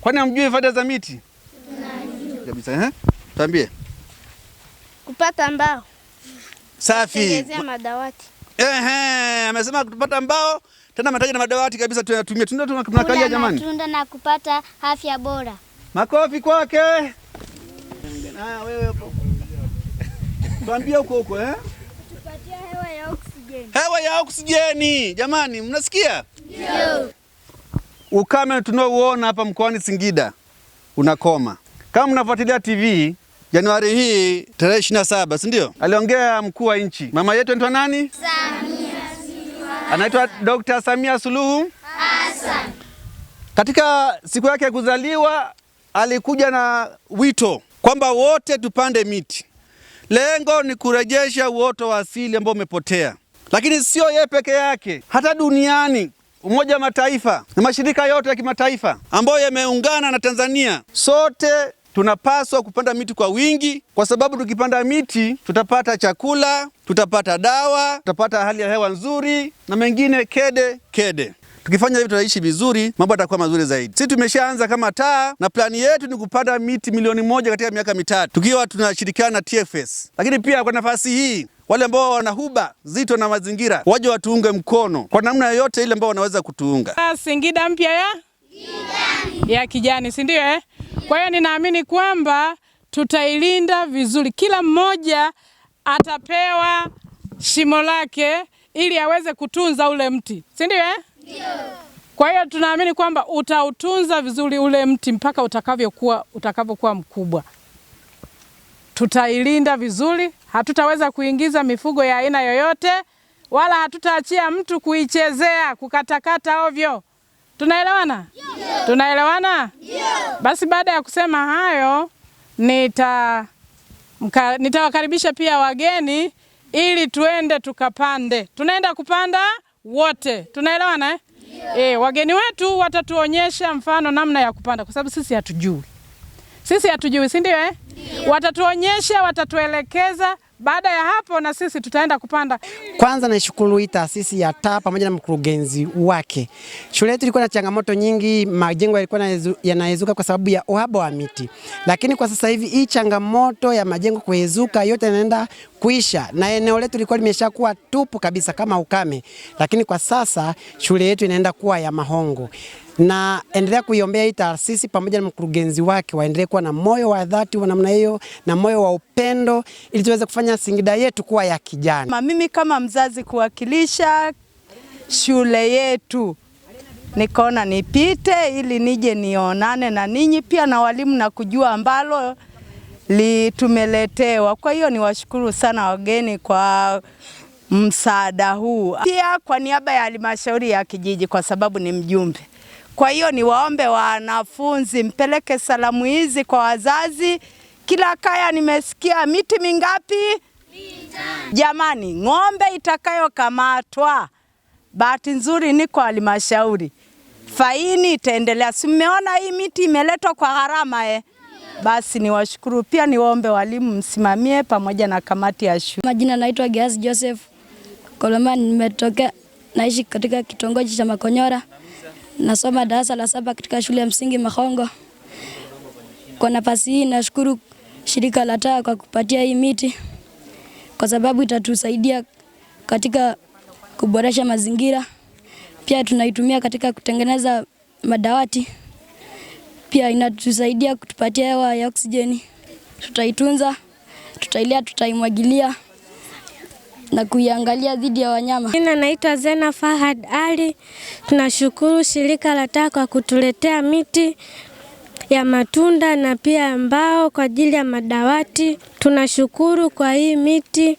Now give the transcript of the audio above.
Kwani hamjui faida za miti? Tunajua. Kabisa eh? Tuambie. Kupata mbao. Safi. Kutengenezea madawati. Ehe, amesema kupata mbao tena mataji na madawati kabisa tunatumia. Tunda tunakalia jamani. Tunda na kupata afya bora. Makofi kwake. Ah, wewe hapo. Tuambie huko huko eh? hewa ya oksijeni. Jamani, mnasikia? Ndio. Ukame tunaouona hapa mkoani Singida unakoma. Kama mnafuatilia TV Januari hii tarehe 27, si ndio? Aliongea mkuu wa nchi. Mama yetu anaitwa nani? Samia Suluhu. Anaitwa Dr. Samia Suluhu Hassan. Katika siku yake ya kuzaliwa alikuja na wito kwamba wote tupande miti. Lengo ni kurejesha uoto wa asili ambao umepotea. Lakini sio yeye peke yake, hata duniani Umoja wa Mataifa na mashirika yote ya kimataifa ambayo yameungana na Tanzania, sote tunapaswa kupanda miti kwa wingi, kwa sababu tukipanda miti tutapata chakula, tutapata dawa, tutapata hali ya hewa nzuri na mengine kede kede. Tukifanya hivyo tutaishi vizuri, mambo yatakuwa mazuri zaidi. Sisi tumeshaanza kama TAA na plani yetu ni kupanda miti milioni moja katika miaka mitatu tukiwa tunashirikiana na TFS, lakini pia kwa nafasi hii wale ambao wana huba zito na mazingira waje watuunge mkono kwa namna yoyote ile ambao wanaweza kutuunga. Ah, Singida mpya ya kijani, ya kijani si ndio eh? Kwa hiyo ninaamini kwamba tutailinda vizuri, kila mmoja atapewa shimo lake ili aweze kutunza ule mti si ndio eh? Kwa hiyo tunaamini kwamba utautunza vizuri ule mti mpaka utakavyokuwa utakavyokuwa mkubwa. Tutailinda vizuri, hatutaweza kuingiza mifugo ya aina yoyote, wala hatutaachia mtu kuichezea kukatakata ovyo. Tunaelewana? Ndio. Tunaelewana? Ndio. Basi baada ya kusema hayo nita nitawakaribisha pia wageni ili tuende tukapande. Tunaenda kupanda wote. Tunaelewana eh? E, wageni wetu watatuonyesha mfano namna ya kupanda kwa sababu sisi hatujui, sisi hatujui, si ndio eh? Watatuonyesha, watatuelekeza baada ya hapo na sisi tutaenda kupanda. Kwanza naishukuru hii taasisi ya TAA pamoja na mkurugenzi wake. Shule yetu ilikuwa na changamoto nyingi, majengo yalikuwa yanaezuka kwa sababu ya uhaba wa miti, lakini kwa sasa hivi hii changamoto ya majengo kuezuka yote inaenda kuisha, na eneo letu lilikuwa limeshakuwa tupu kabisa kama ukame, lakini kwa sasa shule yetu inaenda kuwa ya Mahongo na endelea kuiombea hii taasisi pamoja na mkurugenzi wake, waendelee kuwa na moyo wa dhati wa namna hiyo na moyo wa upendo, ili tuweze kufanya Singida yetu kuwa ya kijani. Mimi kama mzazi kuwakilisha shule yetu nikaona nipite ili nije nionane na ninyi pia na walimu na kujua ambalo litumeletewa. Kwa hiyo niwashukuru sana wageni kwa msaada huu, pia kwa niaba ya halmashauri ya kijiji, kwa sababu ni mjumbe kwa hiyo niwaombe wanafunzi, mpeleke salamu hizi kwa wazazi. Kila kaya nimesikia miti mingapi? Mita. Jamani, ng'ombe itakayokamatwa, bahati nzuri niko halmashauri, faini itaendelea. Si mmeona hii miti imeletwa kwa gharama eh? Basi niwashukuru pia, niwaombe walimu msimamie pamoja na kamati ya shule. Majina naitwa Gias Joseph Kolomani, nimetokea naishi katika kitongoji cha Makonyora. Nasoma darasa la saba katika shule ya msingi Mahongo. Kwa nafasi hii nashukuru shirika la taa kwa kupatia hii miti kwa sababu itatusaidia katika kuboresha mazingira. Pia tunaitumia katika kutengeneza madawati. Pia inatusaidia kutupatia hewa ya oksijeni. Tutaitunza, tutailia tutaimwagilia na kuiangalia dhidi ya wanyama. Mimi naitwa Zena Fahad Ali. Tunashukuru shirika la taa kwa kutuletea miti ya matunda na pia mbao kwa ajili ya madawati. Tunashukuru kwa hii miti